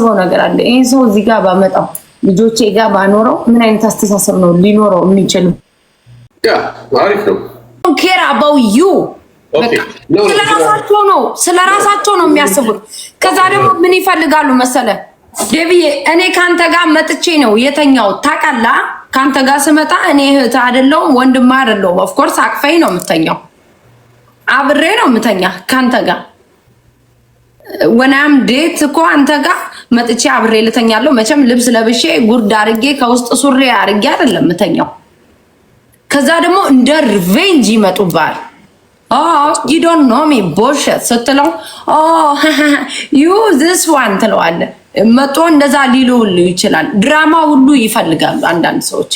የማስበው ነገር አለ። ይህን ሰው እዚህ ጋር ባመጣው ልጆቼ ጋር ባኖረው ምን አይነት አስተሳሰብ ነው ሊኖረው የሚችል? ኬር አባው ዩ ስለራሳቸው ነው ስለራሳቸው ነው የሚያስቡት። ከዛ ደግሞ ምን ይፈልጋሉ መሰለ ደብዬ፣ እኔ ከአንተ ጋር መጥቼ ነው የተኛው ታቃላ። ከአንተ ጋር ስመጣ እኔ እህት አይደለሁም ወንድም አይደለሁም። ኦፍኮርስ አቅፈኝ ነው የምተኛው፣ አብሬ ነው የምተኛ ከአንተ ጋር ወናም ዴት እኮ አንተ ጋር መጥቼ አብሬ ልተኛለሁ። መቼም ልብስ ለብሼ ጉርድ አርጌ ከውስጥ ሱሪ አርጌ አይደለም ምተኛው። ከዛ ደግሞ እንደ ሪቬንጅ ይመጡባል። ኦ ዩ ዶንት ኖ ሚ ቦሸት ስትለው ኦ ዩ ዚስ ዋን ትለዋለ። መጦ እንደዛ ሊሉ ሁሉ ይችላል። ድራማ ሁሉ ይፈልጋሉ አንዳንድ ሰዎች።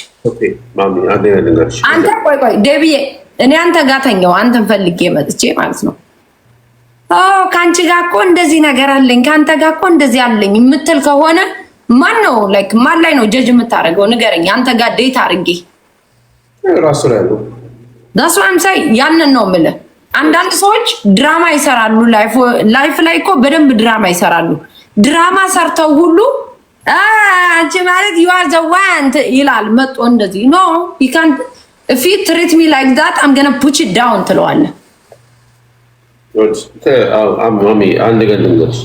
አንተ ቆይ ቆይ ደብዬ እኔ አንተ ጋር ተኛው አንተን ፈልጌ መጥቼ ማለት ነው ከአንቺ ጋር እኮ እንደዚህ ነገር አለኝ ከአንተ ጋር እኮ እንደዚህ አለኝ የምትል ከሆነ ማን ነው ላይክ ማን ላይ ነው ጀጅ የምታደርገው? ንገረኝ። አንተ ጋር ዴት አድርጌ ራሱ ላይ ነው ዳሱ አምሳይ ያንን ነው የምልህ። አንዳንድ ሰዎች ድራማ ይሰራሉ። ላይፍ ላይ እኮ በደንብ ድራማ ይሰራሉ። ድራማ ሰርተው ሁሉ አንቺ ማለት ዩ አር ዘ ዋን ይላል መጥቶ እንደዚህ ኖ ዩ ካንት ኢፍ ትሪት ሚ ላይክ ዳት አም ገና ፑች ዳውን ትለዋለህ አንድ ገል ልንገርሽ።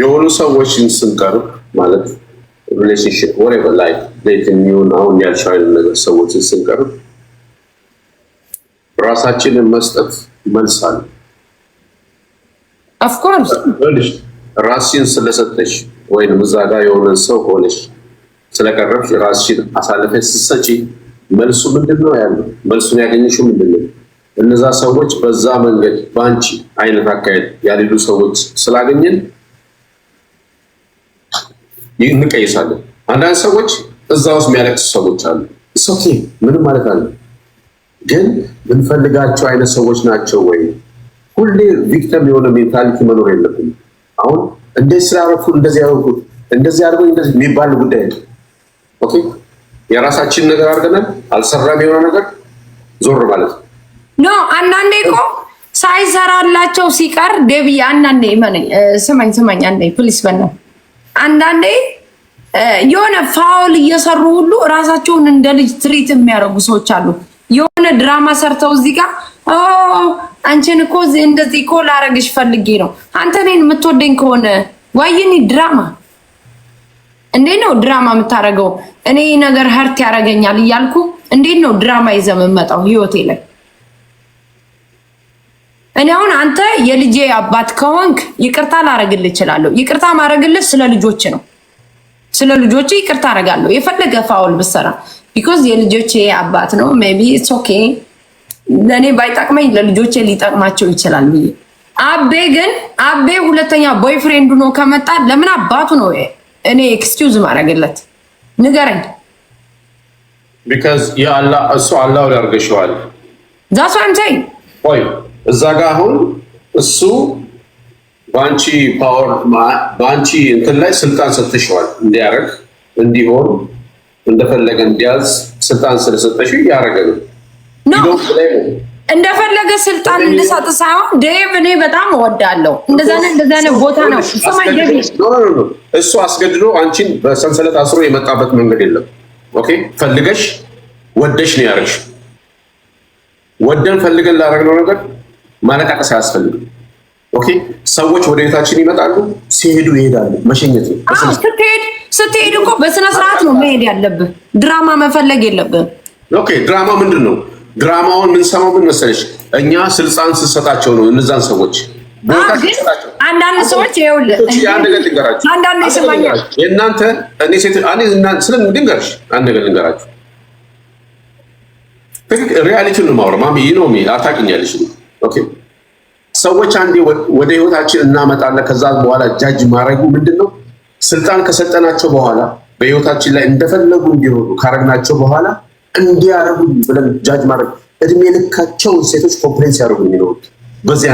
የሆኑ ሰዎችን ስንቀርብ ማለት ሪሌሽንሽፕ ወሬቨር ላይ ዴት የሚሆን አሁን ያልሻ ነገር ሰዎችን ስንቀርብ ራሳችንን መስጠት መልስ አለ። ኦፍኮርስ ራስሽን ስለሰጠሽ ወይም እዛ ጋር የሆነ ሰው ሆነሽ ስለቀረብሽ ራስሽን አሳልፈሽ ስትሰጪ መልሱ ምንድን ነው ያለው? መልሱን ያገኘሽው ምንድን ነው? እነዛ ሰዎች በዛ መንገድ በአንቺ አይነት አካሄድ ያሌሉ ሰዎች ስላገኘን እንቀይሳለን። አንዳንድ ሰዎች እዛ ውስጥ የሚያለቅሱ ሰዎች አሉ። ኦኬ ምንም ማለት አለ። ግን ምንፈልጋቸው አይነት ሰዎች ናቸው ወይ? ሁሌ ቪክተም የሆነ ሜንታሊቲ መኖር የለብን። አሁን እንደዚህ ስላረኩ እንደዚህ ያረኩት እንደዚህ አድርጎ እንደዚህ የሚባል ጉዳይ ነው። ኦኬ የራሳችን ነገር አድርገናል፣ አልሰራም የሆነ ነገር ዞር ማለት ነው። ኖ አንዳንዴ እኮ ሳይሰራላቸው ሲቀር ደቢ አንዳንዴ ስማኝ ስማኝ፣ አንዴ ፕሊስ በና አንዳንዴ የሆነ ፋውል እየሰሩ ሁሉ እራሳቸውን እንደ ልጅ ትሪት የሚያደርጉ ሰዎች አሉ። የሆነ ድራማ ሰርተው እዚህ ጋር አንቺን እኮ እንደዚህ እኮ ላረግሽ ፈልጌ ነው። አንተ እኔን የምትወደኝ ከሆነ ዋይኒ ድራማ እንዴት ነው ድራማ የምታደርገው? እኔ ነገር ሀርት ያደርገኛል እያልኩ እንዴት ነው ድራማ ይዘህ የምመጣው ህይወቴ ላይ እኔ አሁን አንተ የልጄ አባት ከሆንክ ይቅርታ ላረግል እችላለሁ። ይቅርታ ማረግልህ ስለ ልጆች ነው። ስለ ልጆች ይቅርታ አረጋለሁ። የፈለገ ፋውል ብሰራ ቢኮዝ የልጆቼ አባት ነው። ሜቢ ኢትስ ኦኬ ለእኔ ባይጠቅመኝ ለልጆቼ ሊጠቅማቸው ይችላል ብዬ አቤ ግን አቤ ሁለተኛ ቦይፍሬንዱ ነው ከመጣ ለምን አባቱ ነው እኔ ኤክስኪውዝ ማድረግለት ንገረኝ። ቢካዝ እሱ አላው ሊያርገሸዋል ዛስ እዛ ጋ አሁን እሱ በአንቺ ፓወር በአንቺ እንትን ላይ ስልጣን ሰጥሽዋል፣ እንዲያደርግ እንዲሆን እንደፈለገ እንዲያዝ ስልጣን ስለሰጠሽ እያደረገ ነው። እንደፈለገ ስልጣን እንድሰጥ ሳይሆን ደብ እኔ በጣም እወዳለሁ። እንደዛነ እንደዛነ ቦታ ነው እሱ አስገድዶ አንቺን በሰንሰለት አስሮ የመጣበት መንገድ የለም። ኦኬ ፈልገሽ ወደሽ ነው ያደረግሽ። ወደን ፈልገን ላደረግነው ነገር ማለቃቀስ አያስፈልግም። ኦኬ ሰዎች ወደ ቤታችን ይመጣሉ፣ ሲሄዱ ይሄዳሉ። መሸኘት ነው። ስትሄድ ስትሄድ እኮ በስነ ስርዓት ነው መሄድ ያለብህ። ድራማ መፈለግ የለብህም። ኦኬ ድራማ ምንድን ነው? ድራማውን ምንሰማው ምን መሰለሽ፣ እኛ ስልጣን ስሰጣቸው ነው እነዛን ሰዎች አንዳንድ ሰዎች የእናንተ ድንገርሽ አንድ ነገር ልንገራችሁ። ሪያሊቲውን ነው የማወራው ማሚ ነው አታውቅኛለሽ ሰዎች አንዴ ወደ ህይወታችን እናመጣለን። ከዛ በኋላ ጃጅ ማድረጉ ምንድን ነው? ስልጣን ከሰጠናቸው በኋላ በህይወታችን ላይ እንደፈለጉ እንዲሆኑ ካረግናቸው በኋላ እንዲያደርጉ ብለን ጃጅ ማድረግ እድሜ ልካቸውን ሴቶች ኮምፕሌንስ ያደርጉ የሚኖሩት በዚህ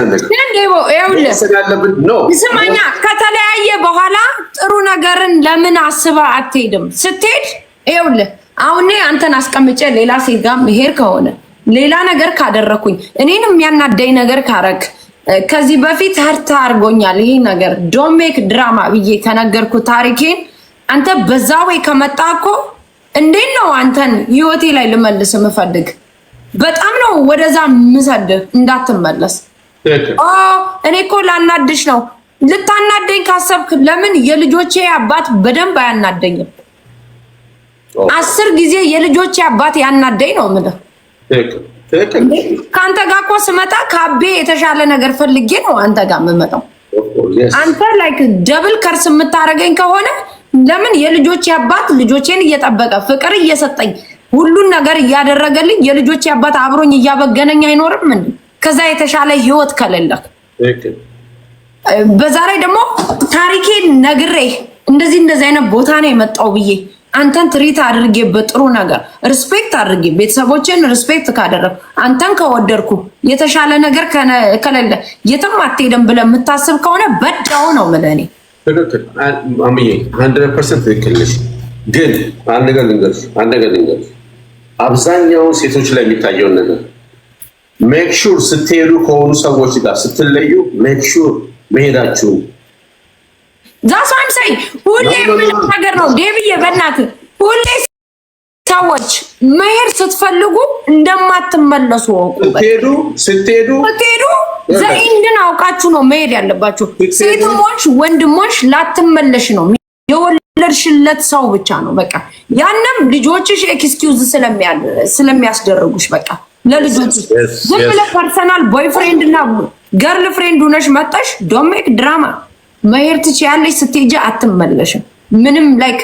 ስማኛ ከተለያየ በኋላ ጥሩ ነገርን ለምን አስባ አትሄድም? ስትሄድ ይኸውልህ አሁን አንተን አስቀምጬ ሌላ ሴት ጋር መሄድ ከሆነ ሌላ ነገር ካደረኩኝ እኔንም የሚያናደኝ ነገር ካረክ ከዚህ በፊት ሀርታ አድርጎኛል ይሄ ነገር ዶሜክ ድራማ ብዬ ከነገርኩ ታሪኬን አንተ በዛ ወይ ከመጣ እኮ እንዴት ነው አንተን ህይወቴ ላይ ልመልስ የምፈልግ? በጣም ነው ወደዛ ምሰድህ እንዳትመለስ። እኔ እኮ ላናድሽ ነው። ልታናደኝ ካሰብክ ለምን የልጆቼ አባት በደንብ አያናደኝም? አስር ጊዜ የልጆቼ አባት ያናደኝ ነው ምልህ ከአንተ ጋር እኮ ስመጣ ከአቤ የተሻለ ነገር ፈልጌ ነው አንተ ጋር የምመጣው። አንተ ላይክ ደብል ከርስ የምታደርገኝ ከሆነ ለምን የልጆች አባት ልጆቼን እየጠበቀ ፍቅር እየሰጠኝ ሁሉን ነገር እያደረገልኝ የልጆች አባት አብሮኝ እያበገነኝ አይኖርም ምን ከዛ የተሻለ ህይወት ከሌለህ በዛ ላይ ደግሞ ታሪኬን ነግሬ እንደዚህ እንደዚህ አይነት ቦታ ነው የመጣው ብዬ አንተን ትሪት አድርጌ በጥሩ ነገር ሪስፔክት አድርጌ ቤተሰቦችን ሪስፔክት ካደረግ አንተን ከወደድኩ የተሻለ ነገር ከሌለ የትም አትሄደም ብለህ የምታስብ ከሆነ በዳው ነው ምለኔ አምዬ ሀንድረድ ፐርሰንት ትክክል ነሽ። ግን አንድ ነገር ልንገርሽ፣ አንድ ነገር ልንገርሽ፣ አብዛኛው ሴቶች ላይ የሚታየውን ነገር ሜክ ሹር ስትሄዱ ከሆኑ ሰዎች ጋር ስትለዩ ሜክ ሹር መሄዳችሁ ዛሷን ሳይ ሁሌ የምለው ነገር ነው ዴብዬ፣ በእናትህ ሁሌ ሰዎች መሄድ ስትፈልጉ እንደማትመለሱ ወቁ። ስትሄዱ ስትሄዱ ስትሄዱ ዘኢንድን አውቃችሁ ነው መሄድ ያለባችሁ። ሴትሞች ወንድሞች፣ ላትመለሽ ነው የወለድሽለት ሰው ብቻ ነው በቃ። ያንም ልጆችሽ ኤክስኪውዝ ስለሚያስደርጉሽ በቃ ለልጆች ዝም ብለህ ፐርሰናል ቦይፍሬንድ እና ገርል ፍሬንድ ሁነሽ መጠሽ ዶሜክ ድራማ መሄድ ትችያለሽ። ስትሄጂ አትመለሽም። ምንም ላይክ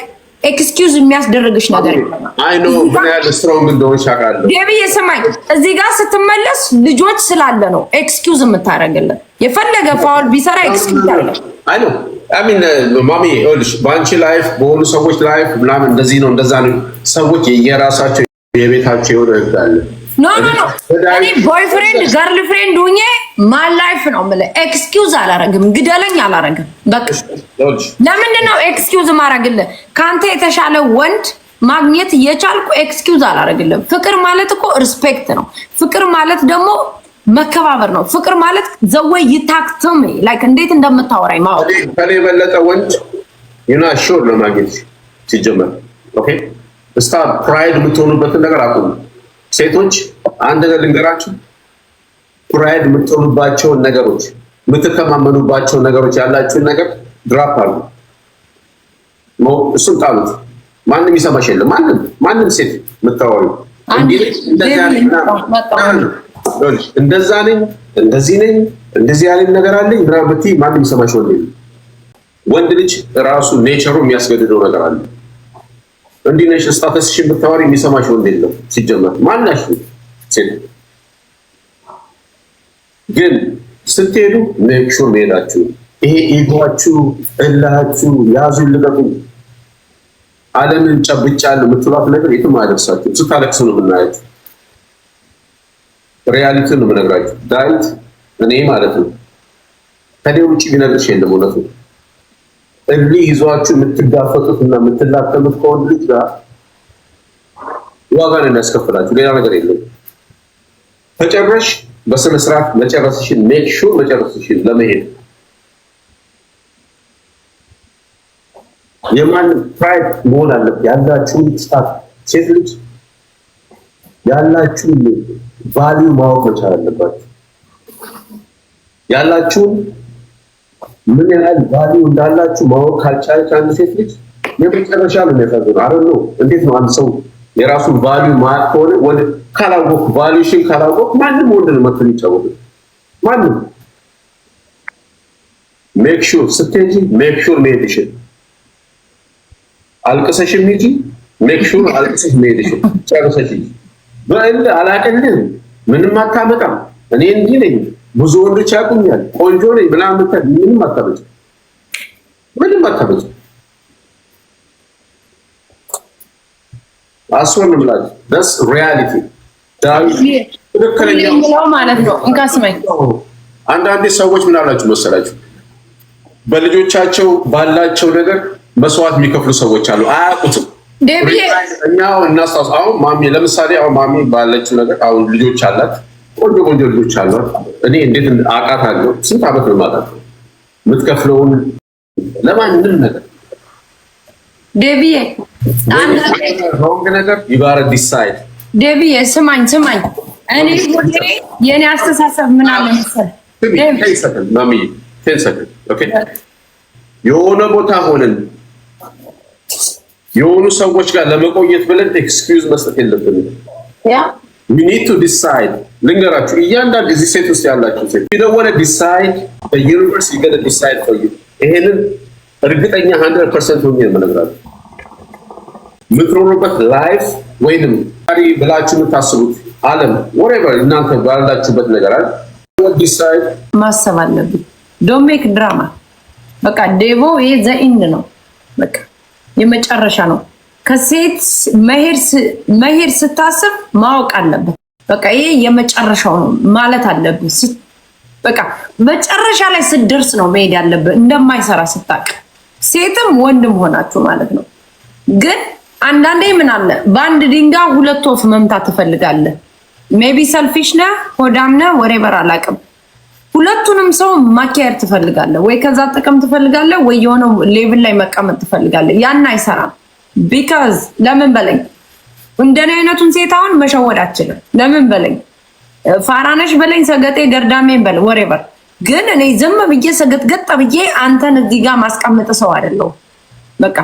ኤክስኪውዝ የሚያስደረግሽ ነገር ገቢዬ ስማኝ፣ እዚህ ጋር ስትመለስ ልጆች ስላለ ነው ኤክስኪውዝ የምታደርግልን። የፈለገ ፋውል ቢሰራ ኤክስኪውዝ አለ። አሚን ማሚ፣ ይኸውልሽ በአንቺ ላይፍ፣ በሆኑ ሰዎች ላይፍ ምናምን እንደዚህ ነው እንደዛ ነው። ሰዎች የየራሳቸው የቤታቸው የሆነ ኖ ኖ ኖ እኔ ቦይፍሬንድ ገርል ፍሬንድ ሁኜ ማን ላይፍ ነው የምልህ። ኤክስኪውዝ አላረግም፣ ግደለኝ አላረግም። በቃ ለምንድን ነው ኤክስኪውዝ ማረግልህ? ከአንተ የተሻለ ወንድ ማግኘት እየቻልኩ ኤክስኪውዝ አላረግልም። ፍቅር ማለት እኮ ሪስፔክት ነው። ፍቅር ማለት ደግሞ መከባበር ነው። ፍቅር ማለት ዘወ ይታክትም ላይክ እንዴት እንደምታወራኝ ማወቅ ከኔ የበለጠ ወንድ ዩና ሹር ለማግኘት ሲጀመር ኦኬ ስታር ፕራይድ የምትሆኑበትን ነገር አቁም። ሴቶች አንድ ነገር ልንገራችሁ፣ ፕራይድ የምትሆኑባቸውን ነገሮች የምትተማመኑባቸውን ነገሮች ያላችሁን ነገር ድራፕ አሉ። እሱን ጣሉት። ማንም ይሰማሽ የለም። ማንም ማንም ሴት የምታወሪው እንደዛ ነኝ እንደዚህ ነኝ እንደዚህ ያለኝ ነገር አለኝ ምናምን ብትይ ማንም ይሰማሽ ወንድ ልጅ ራሱ ኔቸሩ የሚያስገድደው ነገር አለ። እንዲህ ነሽ ስታተስሽን ብታወሪ የሚሰማሽ ወንድ የለም። ሲጀመር ማናሽ ሴት ግን ስትሄዱ ሜክሹር መሄዳችሁ ይሄ ኢጓችሁ እላችሁ ያዙ ልቀቁ፣ ዓለምን ጨብጫለሁ የምትሏት ነገር የትም አያደርሳችሁ። ስታለቅሱ ነው የምናያችሁ። ሪያሊቲ ነው የምነግራችሁ። ዳዊት እኔ ማለት ነው ከኔ ውጭ ቢነግርሽ የለም እውነቱ እሊ ይዟችሁ የምትጋፈጡት እና የምትላተሙት ከወንድ ልጅ ጋር ዋጋ ነው የሚያስከፍላችሁ። ሌላ ነገር የለም። ተጨረሽ በስነ ስርዓት መጨረስሽን ሜክ ሹር መጨረስሽን ለመሄድ የማን ፕራይድ መሆን አለበት። ያላችሁን ስታት ሴት ልጅ ያላችሁን ቫሊዩ ማወቅ መቻል አለባችሁ። ያላችሁን ምን ያህል ቫሊዩ እንዳላችሁ ማወቅ ካልቻለች አንድ ሴት ልጅ የመጨረሻ ነው የሚያሳዝነው። አረ ነው እንዴት ነው አንድ ሰው የራሱን ቫሊዩ ማያውቅ ከሆነ ወደ ካላወቅ ቫሊዩሽን ካላወቅ ማንም ወንድ ነው መጥቶ ሊጫወት ማንም። ሜክ ሹር ስትሄጂ ሜክ ሹር መሄድሽን አልቅሰሽም ሚጂ ሜክ ሹር አልቅሰሽ መሄድሽን ጨርሰሽ በእል አላቅልህ ምንም አታመጣም። እኔ እንዲህ ነኝ ብዙ ወንዶች ያቁኛል፣ ቆንጆ ነኝ ምናምን ምንም አታበጭ፣ ምንም አታበጭ። አስወን ምላጭ ደስ ሪያሊቲ ትክክለኛ አንዳንዴ ሰዎች ምን አላችሁ መሰላችሁ በልጆቻቸው ባላቸው ነገር መስዋዕት የሚከፍሉ ሰዎች አሉ። አያውቁትም። እኛ እናስታውስ። አሁን ማሚ ለምሳሌ አሁን ማሚ ባለችው ነገር አሁን ልጆች አላት ቆንጆ ቆንጆ ልጆች አሏት። እኔ እንዴት አቃት አውቃታለሁ? ስንት ዓመት ነው ማለት ነው የምትከፍለውን ለማንም ነገር ደብዬ ሮንግ ነገር ይባረ ዲሳይድ ደብዬ ስማኝ ስማኝ፣ እኔ የእኔ አስተሳሰብ ምን አለ መሰለህ፣ የሆነ ቦታ ሆነን የሆኑ ሰዎች ጋር ለመቆየት ብለን ኤክስኪውዝ መስጠት የለብንም። ያ ኒድ ቱ ዲሳይድ ልንገራችሁ፣ እያንዳንድ እዚህ ሴት ውስጥ ያላችሁ ሴት የደወለ ዲሳይድ በዩኒቨርስ ይገለ ዲሳይድ ቆዩ። ይሄንን እርግጠኛ ሀንድረድ ፐርሰንት ሆኜ የምነግራችሁ የምትኖሩበት ላይፍ ወይንም ብላችሁ የምታስቡት አለም ወሬቨር እናንተ ባላችሁበት ነገር አለ ዲሳይድ ማሰብ አለብን። ዶሜክ ድራማ በቃ ዴቮ ይሄ ዘኢንድ ነው፣ በቃ የመጨረሻ ነው። ከሴት መሄድ ስታስብ ማወቅ አለበት። በቃ ይሄ የመጨረሻው ነው ማለት አለብ በቃ መጨረሻ ላይ ስደርስ ነው መሄድ ያለብን፣ እንደማይሰራ ስታቅ፣ ሴትም ወንድም ሆናችሁ ማለት ነው። ግን አንዳንዴ ምን አለ በአንድ ድንጋይ ሁለት ወፍ መምታት ትፈልጋለህ። ሜቢ ሰልፊሽ ነ ሆዳም ነ ወሬበር አላውቅም። ሁለቱንም ሰው ማካሄድ ትፈልጋለህ ወይ ከዛ ጥቅም ትፈልጋለህ ወይ የሆነ ሌቭል ላይ መቀመጥ ትፈልጋለህ። ያን አይሰራም። ቢካዝ ለምን በለኝ እንደኔ አይነቱን ሴት አሁን መሸወድ አችልም። ለምን በለኝ ፋራነሽ በለኝ ሰገጤ ገርዳሜን በል ወሬቨር። ግን እኔ ዝም ብዬ ሰገጥገጥ ብዬ አንተን እዚህ ጋር ማስቀምጥ ሰው አይደለሁም። በቃ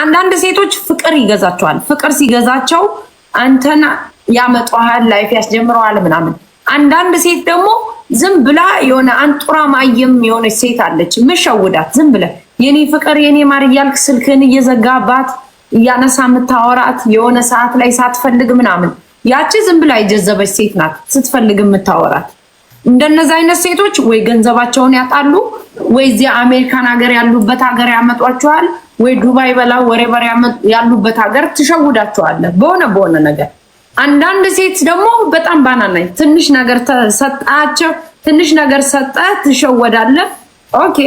አንዳንድ ሴቶች ፍቅር ይገዛቸዋል። ፍቅር ሲገዛቸው አንተን ያመጣሃል፣ ላይፍ ያስጀምረዋል ምናምን። አንዳንድ ሴት ደግሞ ዝም ብላ የሆነ አንጡራ ማየም የሆነች ሴት አለች ምሸውዳት ዝም ብለህ የኔ ፍቅር የኔ ማር እያልክ ስልክህን እየዘጋባት እያነሳ የምታወራት የሆነ ሰዓት ላይ ሳትፈልግ ምናምን ያቺ ዝም ብላ የጀዘበች ሴት ናት። ስትፈልግ የምታወራት እንደነዚህ አይነት ሴቶች ወይ ገንዘባቸውን ያጣሉ፣ ወይ ዚ አሜሪካን ሀገር ያሉበት ሀገር ያመጧቸዋል፣ ወይ ዱባይ በላ ወሬበር ያሉበት ሀገር ትሸውዳቸዋለህ በሆነ በሆነ ነገር። አንዳንድ ሴት ደግሞ በጣም ባናናኝ ትንሽ ነገር ሰጣቸው፣ ትንሽ ነገር ሰጠህ፣ ትሸወዳለህ። ኦኬ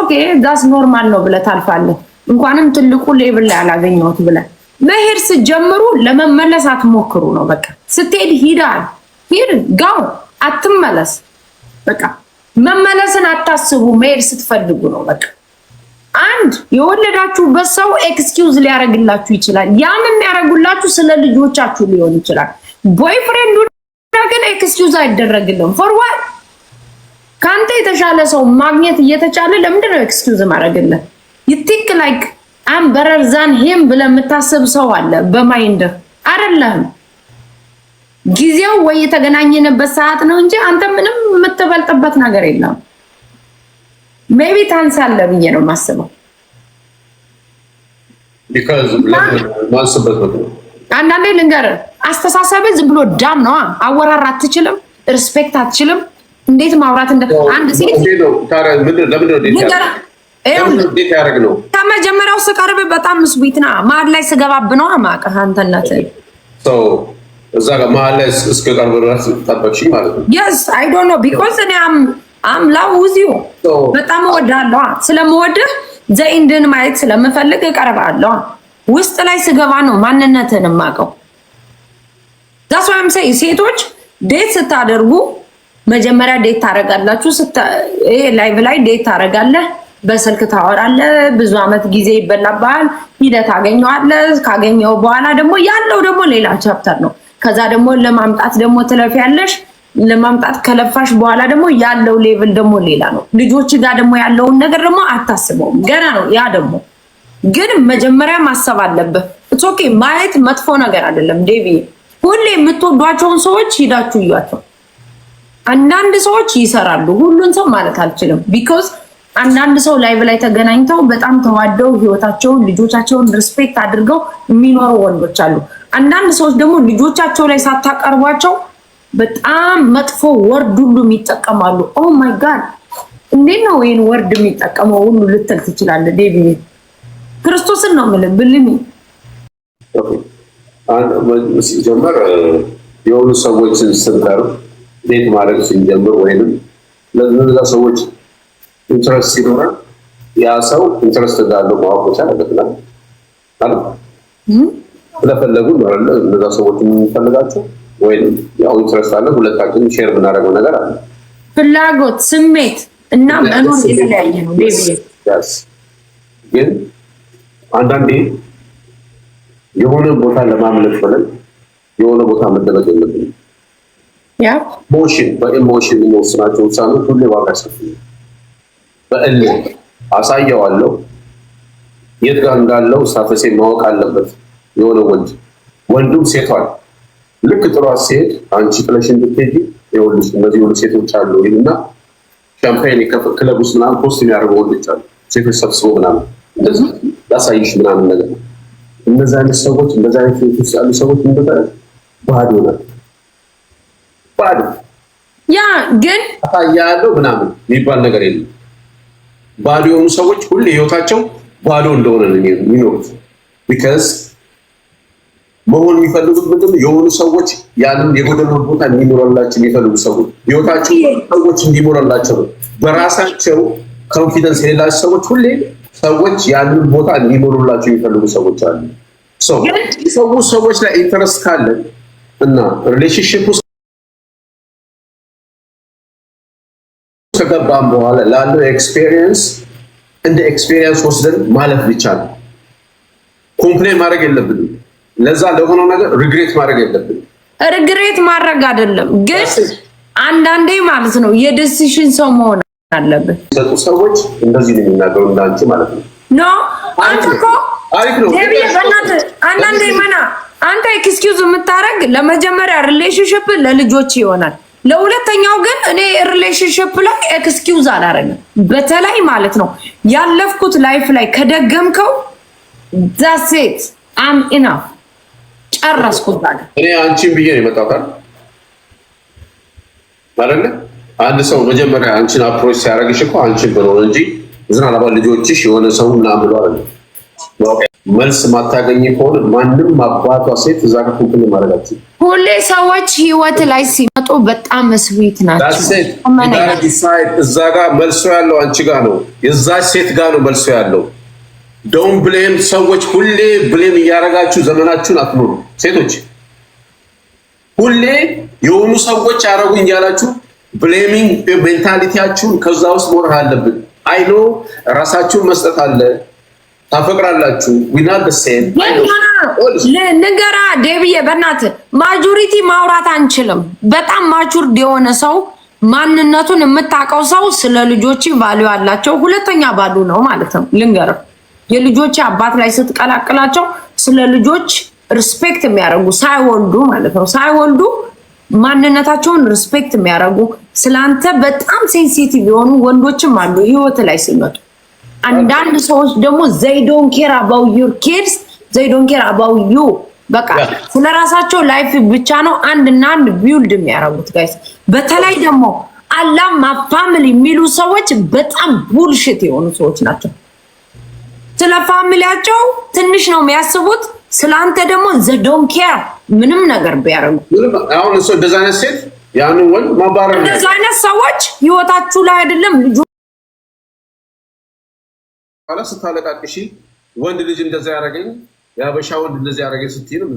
ኦኬ ዳስ ኖርማል ነው ብለህ ታልፋለህ። እንኳንም ትልቁ ሌብል ላይ አላገኘሁት ብለህ መሄድ ስትጀምሩ ለመመለስ አትሞክሩ ነው በቃ። ስትሄድ ሂዳል ሂድ ጋው አትመለስ። በቃ መመለስን አታስቡ። መሄድ ስትፈልጉ ነው በቃ። አንድ የወለዳችሁበት ሰው ኤክስኪውዝ ሊያደርግላችሁ ይችላል። ያም የሚያደርጉላችሁ ስለ ልጆቻችሁ ሊሆን ይችላል። ቦይፍሬንዱ ግን ኤክስኪውዝ አይደረግልም ፎር ዋት ከአንተ የተሻለ ሰው ማግኘት እየተቻለ ለምንድን ነው ኤክስኪውዝ ማድረግልህ? ይቲክ ላይክ አም በረር ዛን ሄም ብለህ የምታስብ ሰው አለ በማይንድ አይደለህም። ጊዜው ወይ የተገናኘንበት ሰዓት ነው እንጂ አንተ ምንም የምትበልጥበት ነገር የለም። ሜቢ ታንሳለህ ብዬ ነው የማስበው። አንዳንዴ ልንገርህ፣ አስተሳሰብህ ዝም ብሎ ዳም ነዋ። አወራር አትችልም፣ ሪስፔክት አትችልም እንዴት ማውራት እንደ አንድ ሴት ከመጀመሪያው ስቀርብ በጣም ስዊት ና መሀል ላይ ስገባብ ነው ማቀህ አንተነት እዛ ጋር መሀል ላይ እስከቀርብ ድረስ ማለት ነው። የስ አይ ዶንት ኖ ቢኮዝ እኔ አም ላቭ ዩ በጣም እወድሃለሁ። ስለምወድህ ዘኢንድን ማየት ስለምፈልግ እቀርብሃለሁ። ውስጥ ላይ ስገባ ነው ማንነትን የማውቀው። ዛስ ዋይ አም ሴይ ሴቶች ዴት ስታደርጉ መጀመሪያ ዴት ታደርጋላችሁ። ይሄ ላይቭ ላይ ዴት ታደርጋለህ፣ በስልክ ታወራለህ። ብዙ አመት ጊዜ ይበላብሃል። ሂደህ ታገኘዋለህ። ካገኘው በኋላ ደግሞ ያለው ደግሞ ሌላ ቻፕተር ነው። ከዛ ደግሞ ለማምጣት ደግሞ ትለፊያለሽ። ለማምጣት ከለፋሽ በኋላ ደግሞ ያለው ሌቭል ደግሞ ሌላ ነው። ልጆች ጋር ደግሞ ያለውን ነገር ደግሞ አታስበውም፣ ገና ነው ያ ደግሞ ግን መጀመሪያ ማሰብ አለብህ። ኦኬ ማየት መጥፎ ነገር አይደለም። ዴቪ ሁሌ የምትወዷቸውን ሰዎች ሂዳችሁ እያቸው። አንዳንድ ሰዎች ይሰራሉ። ሁሉን ሰው ማለት አልችልም። ቢኮዝ አንዳንድ ሰው ላይቭ ላይ ተገናኝተው በጣም ተዋደው ህይወታቸውን፣ ልጆቻቸውን ሪስፔክት አድርገው የሚኖሩ ወንዶች አሉ። አንዳንድ ሰዎች ደግሞ ልጆቻቸው ላይ ሳታቀርቧቸው በጣም መጥፎ ወርድ ሁሉ ይጠቀማሉ። ኦ ማይ ጋድ እንዴት ነው ይህን ወርድ የሚጠቀመው ሁሉ ልትል ትችላለህ። ዴቪ ክርስቶስን ነው የምልህ። ብልሚ ሲጀመር የሆኑ ሰዎችን ስንቀርብ ቤት ማድረግ ስንጀምር ወይንም ለነዛ ሰዎች ኢንትረስት ሲኖረ ያ ሰው ኢንትረስት እንዳለው ማወቅ መቻል አለብናል። ስለፈለጉ እነዛ ሰዎች የምንፈልጋቸው ወይም ያው ኢንትረስት አለ ሁለታችን ሼር የምናደርገው ነገር አለ። ፍላጎት፣ ስሜት እና መኖር የተለያየ ነው። ግን አንዳንዴ የሆነ ቦታ ለማምለጥ ብለን የሆነ ቦታ መደበቅ የለብንም። ኢሞሽን በኢሞሽን የሚወስናቸው ውሳኔዎች ሁሌ ዋጋ ሰፊ በእል አሳየዋለሁ የት ጋር እንዳለው ሳፈሴ ማወቅ አለበት። የሆነ ወንድ ወንዱም ሴቷል ልክ ጥሏት ሲሄድ አንቺ ጥለሽ እንድትሄጂ ይኸውልሽ እነዚህ ሁሉ ሴቶች አሉ ይልና ሻምፓይን ክለብ ውስጥ ምናምን ፖስት የሚያደርጉ ወንዶች አሉ። ሴቶች ሰብስቦ ምናምን እንደዚህ ላሳይሽ ምናምን ነገር ነው። እነዚ አይነት ሰዎች እንደዚ አይነት ሴቶች ያሉ ሰዎች እንደዛ ባዶ ያ ግን ያለው ምናምን የሚባል ነገር የለም። ባዶ የሆኑ ሰዎች ሁሌ ህይወታቸው ባዶ እንደሆነ ነው የሚኖሩት። ቢካዝ መሆን የሚፈልጉት ምንድን ነው? የሆኑ ሰዎች ያንን የጎደለውን ቦታ እንዲሞላላቸው የሚፈልጉ ሰዎች ህይወታቸው ሰዎች እንዲሞላላቸው ነው። በራሳቸው ኮንፊደንስ የሌላቸው ሰዎች ሁሌ ሰዎች ያንን ቦታ እንዲሞሉላቸው የሚፈልጉ ሰዎች አሉ። ሰው ሰዎች ላይ ኢንተረስት ካለ እና ሪሌሽንሽፕ ከገባም በኋላ ላለው ኤክስፔሪየንስ እንደ ኤክስፔሪየንስ ወስደን ማለፍ ብቻ ነው። ኮምፕሌን ማድረግ የለብንም። ለዛ ለሆነው ነገር ሪግሬት ማድረግ የለብንም። ሪግሬት ማድረግ አይደለም ግን አንዳንዴ ማለት ነው የዲሲሽን ሰው መሆን አለብን። ሰጡ ሰዎች እንደዚህ ነው የሚናገሩ እንዳንቺ ማለት ነው። ኖ አንተ እኮ አንዳንዴ መና አንተ ኤክስኪውዝ የምታደርግ ለመጀመሪያ ሪሌሽንሽፕ ለልጆች ይሆናል ለሁለተኛው ግን እኔ ሪሌሽንሽፕ ላይ ኤክስኪውዝ አላረግም። በተለይ ማለት ነው ያለፍኩት ላይፍ ላይ ከደገምከው ዳሴት አም ኢና ጨረስኩት። እኔ አንቺን ብዬ ነው የመጣሁት አይደለ? አንድ ሰው መጀመሪያ አንቺን አፕሮች ሲያደርግሽ እኮ አንቺን ብሎ እንጂ ዝናብ ልጆችሽ የሆነ ሰው ምናምን ብሎ መልስ ማታገኝ ከሆነ ማንም አባቷ ሴት እዛ ጋር እንትን ሁሌ ሰዎች ህይወት ላይ ሲመጡ በጣም ስዊት ናቸው። እዛ ጋር መልሶ ያለው አንቺ ጋር ነው፣ የዛች ሴት ጋር ነው መልሶ ያለው። ዶን ብሌም ሰዎች ሁሌ ብሌም እያደረጋችሁ ዘመናችሁን አትኖሩ። ሴቶች ሁሌ የሆኑ ሰዎች ያደረጉኝ እያላችሁ ብሌሚንግ ሜንታሊቲያችሁን ከዛ ውስጥ መሆን አለብን። አይኖ ራሳችሁን መስጠት አለ ታፈቅራላችሁ ንገራ ደብዬ በእናት ማጆሪቲ ማውራት አንችልም። በጣም ማቹርድ የሆነ ሰው ማንነቱን የምታውቀው ሰው ስለ ልጆች ቫሉ አላቸው። ሁለተኛ ባሉ ነው ማለት ነው። ልንገር የልጆች አባት ላይ ስትቀላቅላቸው ስለ ልጆች ሪስፔክት የሚያደርጉ ሳይወልዱ ማለት ነው ሳይወልዱ ማንነታቸውን ሪስፔክት የሚያደርጉ ስለአንተ በጣም ሴንሲቲቭ የሆኑ ወንዶችም አሉ ህይወት ላይ ሲመጡ አንዳንድ ሰዎች ደግሞ ዘይ ዶን ኬር አባው ዩር ኪድስ ዘይ ኬር አባው ዩ በቃ ስለ ላይፍ ብቻ ነው አንድ እና አንድ ቢውልድ የሚያደርጉት ጋይስ። በተለይ ደግሞ አላማ ፋሚሊ የሚሉ ሰዎች በጣም ቡልሽት የሆኑ ሰዎች ናቸው። ስለ ፋሚሊያቸው ትንሽ ነው የሚያስቡት። ስለአንተ ደግሞ ዘይ ዶን ኬር ምንም ነገር ቢያደርጉ አሁን እንደዛ አይነት ሴት ያን ወንድ ማባረር እንደዛ አይነት ሰዎች ህይወታችሁ ላይ አይደለም ልጁ ኋላ ስታለቃቅሺ ወንድ ልጅ እንደዛ ያደረገኝ የሀበሻ ወንድ እንደዛ ያደረገኝ ስትይ ነው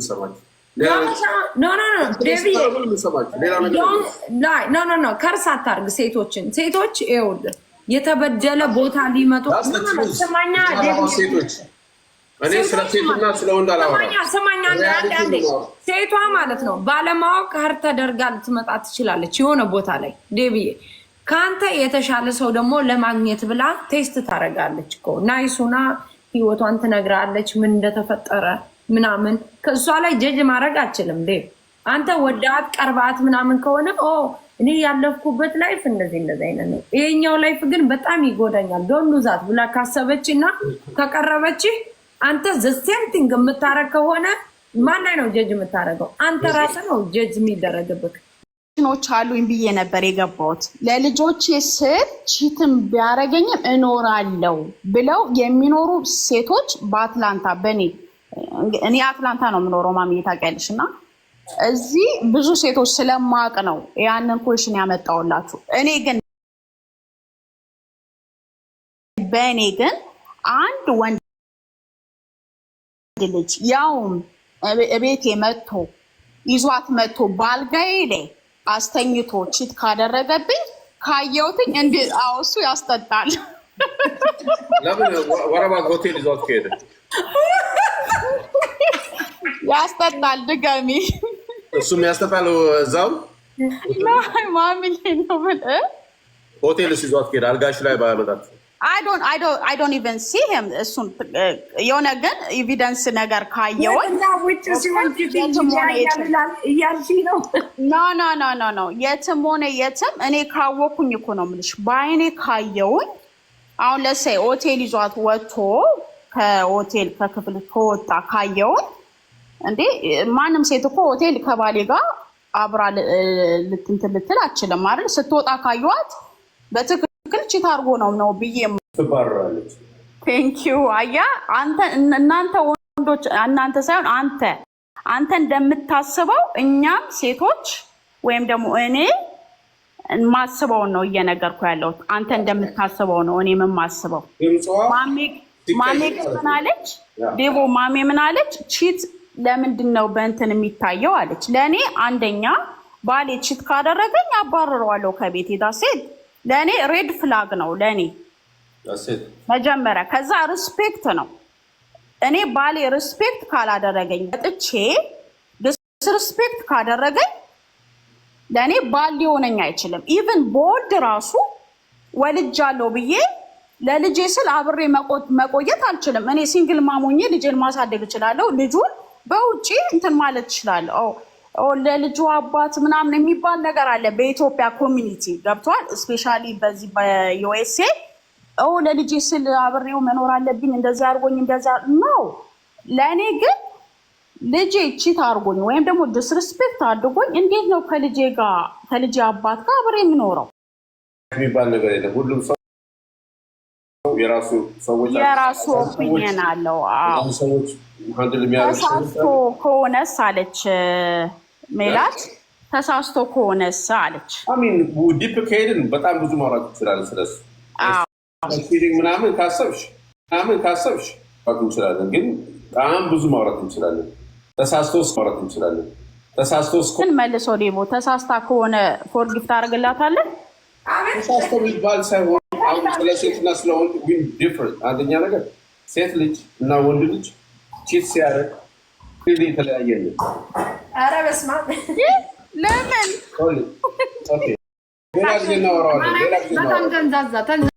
ከርስ አታርግ ሴቶችን። ሴቶች ይኸውልህ የተበደለ ቦታ ሊመጡ ስማኛ፣ ሴቷ ማለት ነው ባለማወቅ ሀር ተደርጋ ልትመጣ ትችላለች የሆነ ቦታ ላይ ዴብዬ ከአንተ የተሻለ ሰው ደግሞ ለማግኘት ብላ ቴስት ታደርጋለች እኮ ናይሱና ህይወቷን ትነግራለች፣ ምን እንደተፈጠረ ምናምን። ከእሷ ላይ ጀጅ ማድረግ አልችልም። አንተ ወዳት ቀርባት ምናምን ከሆነ ኦ እኔ ያለፍኩበት ላይፍ እንደዚህ እንደዚህ አይነት ነው፣ ይሄኛው ላይፍ ግን በጣም ይጎዳኛል፣ ዶን ዛት ብላ ካሰበች እና ከቀረበች አንተ ዘሴምቲንግ የምታረግ ከሆነ ማን ላይ ነው ጀጅ የምታደረገው? አንተ ራስህ ነው ጀጅ የሚደረግብህ። ኖች አሉኝ ብዬ ነበር የገባሁት። ለልጆቼ ስል ቺትም ቢያደርገኝም እኖራለው ብለው የሚኖሩ ሴቶች በአትላንታ በእኔ እኔ አትላንታ ነው የምኖረው ማሚ ታውቂያለሽ። እና እዚህ ብዙ ሴቶች ስለማቅ ነው ያንን ኮሽን ያመጣውላችሁ። እኔ ግን በእኔ ግን አንድ ወንድ ልጅ ያውም ቤቴ መጥቶ ይዟት መጥቶ ባልጋዬ ላይ አስተኝቶ ቺት ካደረገብኝ ካየውትኝ እንዲ አውሱ ያስጠጣል። ወረባ ሆቴል ይዟት ከሄደ ያስጠጣል። ድጋሚ እሱም ያስጠጣል እዛው ማሚ ነው ሆቴል ይዟት ከሄደ አልጋሽ ላይ ባያመጣት አይዶን ኢቨን ሲ ሂም እሱን የሆነ ግን ኤቪደንስ ነገር ካየውን የትም ሆነ የትም እኔ ካወኩኝ እኮ ነው የምልሽ። በአይኔ ካየውኝ አሁን ለሰይ ሆቴል ይዟት ወጥቶ ከሆቴል ከክፍል ከወጣ ካየውን እንዴ ማንም ሴት እኮ ሆቴል ከባሌ ጋር አብራ ልትንትን ልትል አችልም አይደል? ስትወጣ ካየዋት በትክ በትክክል ቺት አድርጎ ነው ነው ብዬ ትባረራለች። ቴንኪዩ አያ አንተ እናንተ ወንዶች እናንተ ሳይሆን አንተ አንተ እንደምታስበው እኛም ሴቶች ወይም ደግሞ እኔ ማስበውን ነው እየነገርኩ ያለሁት። አንተ እንደምታስበው ነው እኔ የምማስበው። ማሜ ምን አለች ዴቦ? ማሜ ምን አለች? ቺት ለምንድን ነው በእንትን የሚታየው አለች። ለእኔ አንደኛ ባሌ ቺት ካደረገኝ አባርረዋለሁ ከቤት ሄዳ ሴት ለእኔ ሬድ ፍላግ ነው ለእኔ መጀመሪያ። ከዛ ሪስፔክት ነው። እኔ ባሌ ሪስፔክት ካላደረገኝ ጥቼ ዲስሪስፔክት ካደረገኝ ለእኔ ባል ሊሆነኝ አይችልም። ኢቨን በወልድ ራሱ ወልጃለሁ ብዬ ለልጄ ስል አብሬ መቆየት አልችልም። እኔ ሲንግል ማሞኜ ልጄን ማሳደግ እችላለሁ። ልጁን በውጪ እንትን ማለት እችላለሁ። ለልጁ አባት ምናምን የሚባል ነገር አለ በኢትዮጵያ ኮሚኒቲ ገብቷል። እስፔሻሊ በዚህ በዩኤስኤ ለልጅ ስል አብሬው መኖር አለብኝ እንደዚህ አድርጎኝ እንደዚያ ነው። ለእኔ ግን ልጄ ቺት አድርጎኝ ወይም ደግሞ ዲስሪስፔክት አድርጎኝ እንዴት ነው ከልጄ ጋር ከልጄ አባት ጋር አብሬ የምኖረው የሚባል ነገር የለም። ሁሉም ሰው የራሱ ሰዎች የራሱ ኦፒኒየን አለው። ሰዎች ከሆነስ አለች ሜላት ተሳስቶ ከሆነስ አለች። ዲፕ ከሄድን በጣም ብዙ ማውራት ይችላል። ስለስ ምናምን ካሰብሽ ምናምን ካሰብሽ ማውራት እንችላለን፣ ግን በጣም ብዙ ማውራት እንችላለን። ተሳስቶስ ማውራት እንችላለን። ተሳስቶስ መልሶ ደግሞ ተሳስታ ከሆነ ፎርጊፍ ታደርግላታለን። ተሳስቶ የሚባል ሳይሆን አሁን ስለ ሴትና ስለ ወንድ ዲፍረንት። አንደኛ ነገር ሴት ልጅ እና ወንድ ልጅ ቺት ሲያደርግ የተለያየ ኧረ በስመ አብ ለምን? ሌላ ጊዜ እናወራዋለን።